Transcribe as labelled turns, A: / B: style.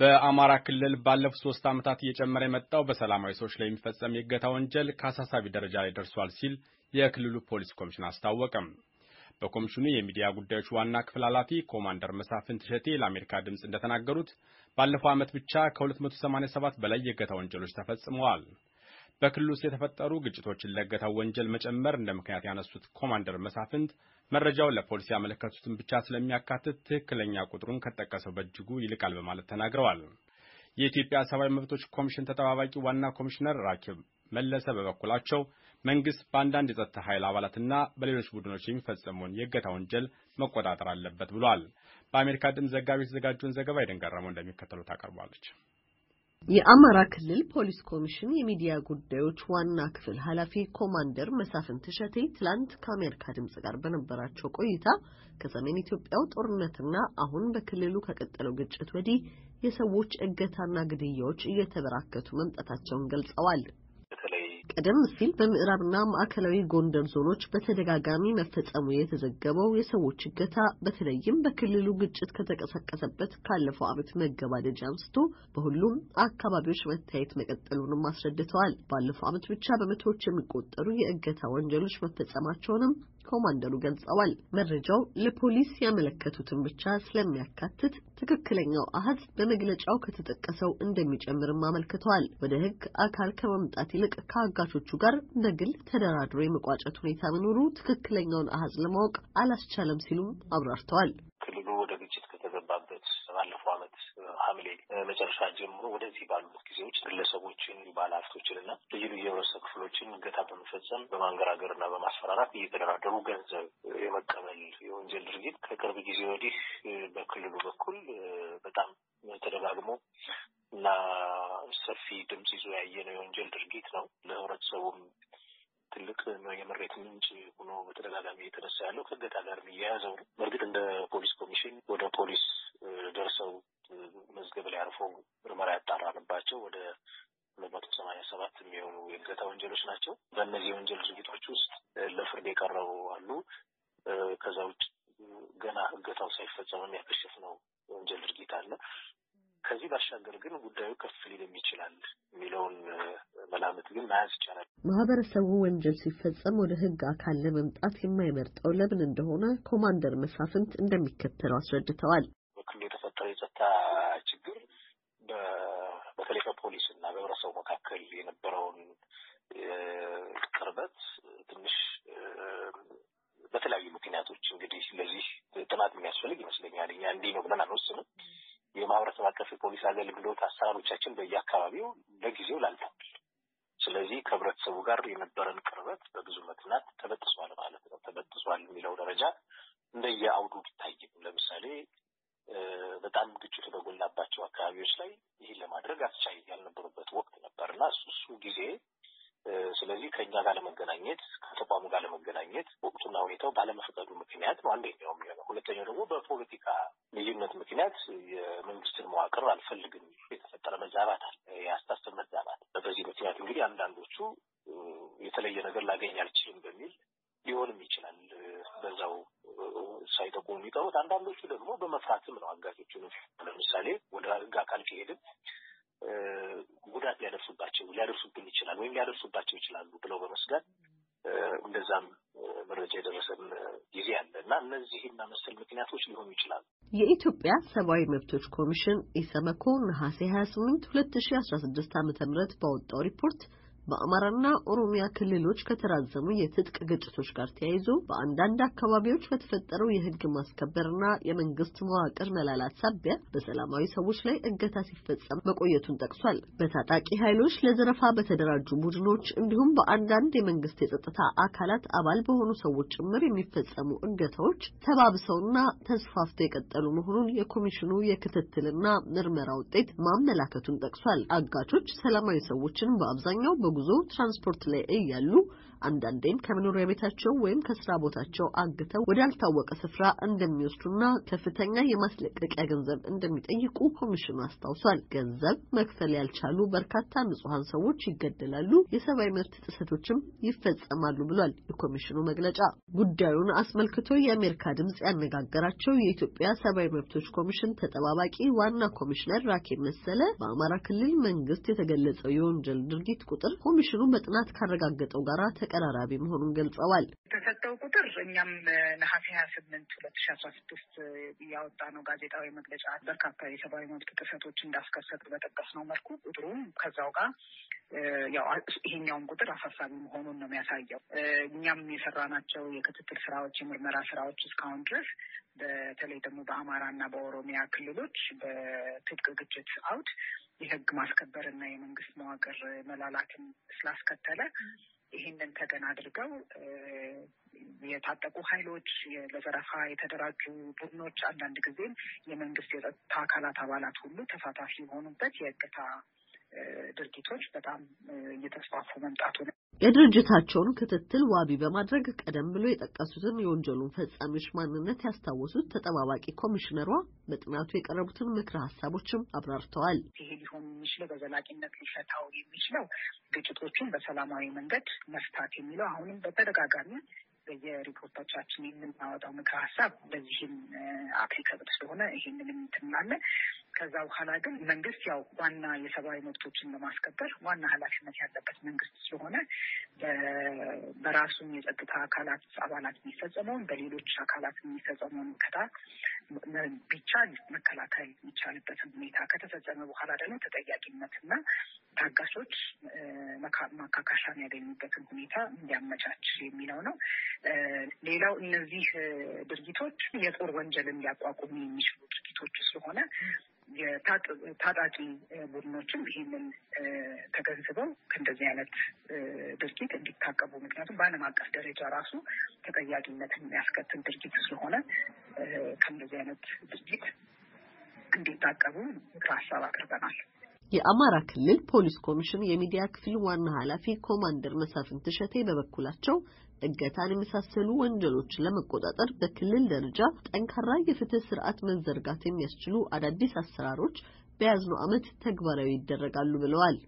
A: በአማራ ክልል ባለፉት ሶስት ዓመታት እየጨመረ የመጣው በሰላማዊ ሰዎች ላይ የሚፈጸም የእገታ ወንጀል ከአሳሳቢ ደረጃ ላይ ደርሷል ሲል የክልሉ ፖሊስ ኮሚሽን አስታወቀም። በኮሚሽኑ የሚዲያ ጉዳዮች ዋና ክፍል ኃላፊ ኮማንደር መሳፍን ትሸቴ ለአሜሪካ ድምፅ እንደተናገሩት ባለፈው ዓመት ብቻ ከ287 በላይ የእገታ ወንጀሎች ተፈጽመዋል። በክልሉ ውስጥ የተፈጠሩ ግጭቶችን ለገታው ወንጀል መጨመር እንደ ምክንያት ያነሱት ኮማንደር መሳፍንት መረጃውን ለፖሊስ ያመለከቱትን ብቻ ስለሚያካትት ትክክለኛ ቁጥሩን ከጠቀሰው በእጅጉ ይልቃል በማለት ተናግረዋል። የኢትዮጵያ ሰብአዊ መብቶች ኮሚሽን ተጠባባቂ ዋና ኮሚሽነር ራኬብ መለሰ በበኩላቸው መንግስት በአንዳንድ የጸጥታ ኃይል አባላትና በሌሎች ቡድኖች የሚፈጸመውን የእገታ ወንጀል መቆጣጠር አለበት ብሏል። በአሜሪካ ድምፅ ዘጋቢ የተዘጋጀውን ዘገባ የደንገረመው እንደሚከተሉ አቀርቧለች። የአማራ ክልል ፖሊስ ኮሚሽን የሚዲያ ጉዳዮች ዋና ክፍል ኃላፊ ኮማንደር መሳፍን ትሸቴ ትላንት ከአሜሪካ ድምጽ ጋር በነበራቸው ቆይታ ከሰሜን ኢትዮጵያው ጦርነትና አሁን በክልሉ ከቀጠለው ግጭት ወዲህ የሰዎች እገታና ግድያዎች እየተበራከቱ መምጣታቸውን ገልጸዋል። ቀደም ሲል በምዕራብና ማዕከላዊ ጎንደር ዞኖች በተደጋጋሚ መፈጸሙ የተዘገበው የሰዎች እገታ በተለይም በክልሉ ግጭት ከተቀሰቀሰበት ካለፈው ዓመት መገባደጃ አንስቶ በሁሉም አካባቢዎች መታየት መቀጠሉንም አስረድተዋል። ባለፈው ዓመት ብቻ በመቶዎች የሚቆጠሩ የእገታ ወንጀሎች መፈጸማቸውንም ኮማንደሩ ገልጸዋል። መረጃው ለፖሊስ ያመለከቱትን ብቻ ስለሚያካትት ትክክለኛው አሃዝ በመግለጫው ከተጠቀሰው እንደሚጨምርም አመልክተዋል። ወደ ህግ አካል ከመምጣት ይልቅ ከአጋቾቹ ጋር በግል ተደራድሮ የመቋጨት ሁኔታ መኖሩ ትክክለኛውን አሀዝ ለማወቅ አላስቻለም ሲሉም አብራርተዋል።
B: ክልሉ ወደ ግጭት ከተገባበት ባለፈው ዓመት ሐምሌ መጨረሻ ጀምሮ ወደዚህ ባሉት ጊዜዎች ግለሰቦችን፣ ባለሀብቶችን እና የህብረተሰብ ክፍሎችን እገታ በመፈጸም እና በማስፈራራት እየተደራደሩ ገንዘብ የመቀበል የወንጀል ድርጊት ከቅርብ ጊዜ ወዲህ በክልሉ በኩል በጣም ተደጋግሞ እና ሰፊ ድምፅ ይዞ ነው የወንጀል ድርጊት ነው። ለህብረተሰቡም ትልቅ የምሬት ምንጭ ሆኖ በተደጋጋሚ እየተነሳ ያለው ከእገታ ጋር የሚያያዘው ነው። በእርግጥ እንደ ፖሊስ ኮሚሽን ወደ ፖሊስ ደርሰው መዝገብ ላይ አርፎ ምርመራ ያጣራንባቸው ወደ ለመቶ ሰማኒያ ሰባት የሚሆኑ የእገታ ወንጀሎች ናቸው። በእነዚህ የወንጀል ድርጊቶች ውስጥ ለፍርድ የቀረቡ አሉ። ከዛ ውጭ ገና እገታው ሳይፈጸም የሚያከሽፍ ነው የወንጀል ድርጊት አለ። ከዚህ ባሻገር ግን ጉዳዩ ከፍ ሊልም ይችላል የሚለውን መላምት ግን መያዝ ይቻላል።
A: ማህበረሰቡ ወንጀል ሲፈጸም ወደ ህግ አካል ለመምጣት የማይመርጠው ለምን እንደሆነ ኮማንደር መሳፍንት እንደሚከተለው አስረድተዋል።
B: በክልሉ የተፈጠረው የጸጥታ ችግር በተለይ በፖሊስ እና በህብረተሰቡ መካከል የነበረውን ቅርበት ትንሽ በተለያዩ ምክንያቶች እንግዲህ ስለዚህ ጥናት የሚያስፈልግ ይመስለኛል። እኛ እንዲህ ነው ብለን አንወስንም። የማህበረሰብ አቀፍ የፖሊስ አገልግሎት አሰራሮቻችን በየአካባቢው ለጊዜው ላልተዋል። ስለዚህ ከህብረተሰቡ ጋር የነበረን ቅርበት በብዙ መትናት ተበጥሷል ማለት ነው። ተበጥሷል የሚለው ደረጃ እንደየአውዱ ቢታይም አንደኛው የሚሆነው። ሁለተኛው ደግሞ በፖለቲካ ልዩነት ምክንያት የመንግስትን መዋቅር አልፈልግም የተፈጠረ መዛባት አለ፣ የአስተሳሰብ መዛባት። በዚህ ምክንያት እንግዲህ አንዳንዶቹ የተለየ ነገር ላገኝ አልችልም በሚል ሊሆንም ይችላል በዛው ሳይጠቁ የሚቀሩት። አንዳንዶቹ ደግሞ በመፍራትም ነው አጋቾቹን። ለምሳሌ ወደ ህግ አካል ከሄድም ጉዳት ሊያደርሱባቸው ሊያደርሱብን ይችላል ወይም ሊያደርሱባቸው ይችላሉ ብለው በመስጋት እንደዛም ደረጃ የደረሰን ጊዜ አለ እና እነዚህና መሰል ምክንያቶች ሊሆኑ ይችላሉ።
A: የኢትዮጵያ ሰብአዊ መብቶች ኮሚሽን ኢሰመኮ ነሐሴ 28 2016 ዓ ም ባወጣው ሪፖርት በአማራና ኦሮሚያ ክልሎች ከተራዘሙ የትጥቅ ግጭቶች ጋር ተያይዞ በአንዳንድ አካባቢዎች በተፈጠረው የህግ ማስከበርና የመንግስት መዋቅር መላላት ሳቢያ በሰላማዊ ሰዎች ላይ እገታ ሲፈጸም መቆየቱን ጠቅሷል። በታጣቂ ኃይሎች ለዘረፋ በተደራጁ ቡድኖች እንዲሁም በአንዳንድ የመንግስት የጸጥታ አካላት አባል በሆኑ ሰዎች ጭምር የሚፈጸሙ እገታዎች ተባብሰውና ተስፋፍተው የቀጠሉ መሆኑን የኮሚሽኑ የክትትልና ምርመራ ውጤት ማመላከቱን ጠቅሷል። አጋቾች ሰላማዊ ሰዎችን በአብዛኛው ተጉዞ ትራንስፖርት ላይ እያሉ አንዳንዴም ከመኖሪያ ቤታቸው ወይም ከስራ ቦታቸው አግተው ወዳልታወቀ ስፍራ እንደሚወስዱና ከፍተኛ የማስለቀቂያ ገንዘብ እንደሚጠይቁ ኮሚሽኑ አስታውሷል። ገንዘብ መክፈል ያልቻሉ በርካታ ንጹሐን ሰዎች ይገደላሉ፣ የሰብአዊ መብት ጥሰቶችም ይፈጸማሉ ብሏል የኮሚሽኑ መግለጫ። ጉዳዩን አስመልክቶ የአሜሪካ ድምጽ ያነጋገራቸው የኢትዮጵያ ሰብአዊ መብቶች ኮሚሽን ተጠባባቂ ዋና ኮሚሽነር ራኬብ መሰለ በአማራ ክልል መንግስት የተገለጸው የወንጀል ድርጊት ቁጥር ኮሚሽኑ በጥናት ካረጋገጠው ጋራ ተቀራራቢ መሆኑን ገልጸዋል።
C: የተሰጠው ቁጥር እኛም ነሐሴ ሀያ ስምንት ሁለት ሺ አስራ ስድስት እያወጣ ነው ጋዜጣዊ መግለጫ በርካታ የሰብአዊ መብት ጥሰቶች እንዳስከሰቱ በጠቀስ ነው መልኩ ቁጥሩም ከዛው ጋር ያው ይሄኛውን ቁጥር አሳሳቢ መሆኑን ነው የሚያሳየው። እኛም የሰራናቸው የክትትል ስራዎች፣ የምርመራ ስራዎች እስካሁን ድረስ በተለይ ደግሞ በአማራና በኦሮሚያ ክልሎች በትጥቅ ግጭት አውድ የህግ ማስከበርና የመንግስት መዋቅር መላላትን ስላስከተለ ይህንን ተገን አድርገው የታጠቁ ኃይሎች ለዘረፋ የተደራጁ ቡድኖች አንዳንድ ጊዜም የመንግስት የጸጥታ አካላት አባላት ሁሉ ተሳታፊ የሆኑበት የእገታ ድርጊቶች በጣም እየተስፋፉ መምጣቱ ነ።
A: የድርጅታቸውን ክትትል ዋቢ በማድረግ ቀደም ብሎ የጠቀሱትን የወንጀሉን ፈጻሚዎች ማንነት ያስታወሱት ተጠባባቂ ኮሚሽነሯ በጥናቱ የቀረቡትን ምክረ ሀሳቦችም አብራርተዋል።
C: ይሄ ሊሆን የሚችለው በዘላቂነት ሊፈታው የሚችለው ግጭቶቹን በሰላማዊ መንገድ መፍታት የሚለው አሁንም በተደጋጋሚ በየሪፖርቶቻችን የምናወጣው ምክር ሀሳብ በዚህም አፕሊከብል ስለሆነ ይሄንንም ትናለን። ከዛ በኋላ ግን መንግስት ያው ዋና የሰብአዊ መብቶችን ለማስከበር ዋና ኃላፊነት ያለበት መንግስት ስለሆነ በራሱም የጸጥታ አካላት አባላት የሚፈጸመውን በሌሎች አካላት የሚፈጸመውን ከታ ቢቻል መከላከል የሚቻልበትን ሁኔታ ከተፈጸመ በኋላ ደግሞ ተጠያቂነት ተጠያቂነትና ታጋሾች ማካካሻን ያገኙበትን ሁኔታ እንዲያመቻች የሚለው ነው። ሌላው እነዚህ ድርጊቶች የጦር ወንጀልን ሊያቋቁሙ የሚችሉ ድርጊቶች ስለሆነ የታጣቂ ቡድኖችም ይህንን ተገንዝበው ከእንደዚህ አይነት ድርጊት እንዲታቀቡ፣ ምክንያቱም በዓለም አቀፍ ደረጃ ራሱ ተጠያቂነትን የሚያስከትል ድርጊት ስለሆነ ከእንደዚህ አይነት ድርጊት እንዲታቀቡ ምክር ሀሳብ አቅርበናል።
A: የአማራ ክልል ፖሊስ ኮሚሽን የሚዲያ ክፍል ዋና ኃላፊ ኮማንደር መሳፍን ትሸቴ በበኩላቸው እገታን የመሳሰሉ ወንጀሎችን ለመቆጣጠር በክልል ደረጃ ጠንካራ የፍትህ ስርዓት መዘርጋት የሚያስችሉ አዳዲስ አሰራሮች በያዝነው ዓመት ተግባራዊ ይደረጋሉ ብለዋል።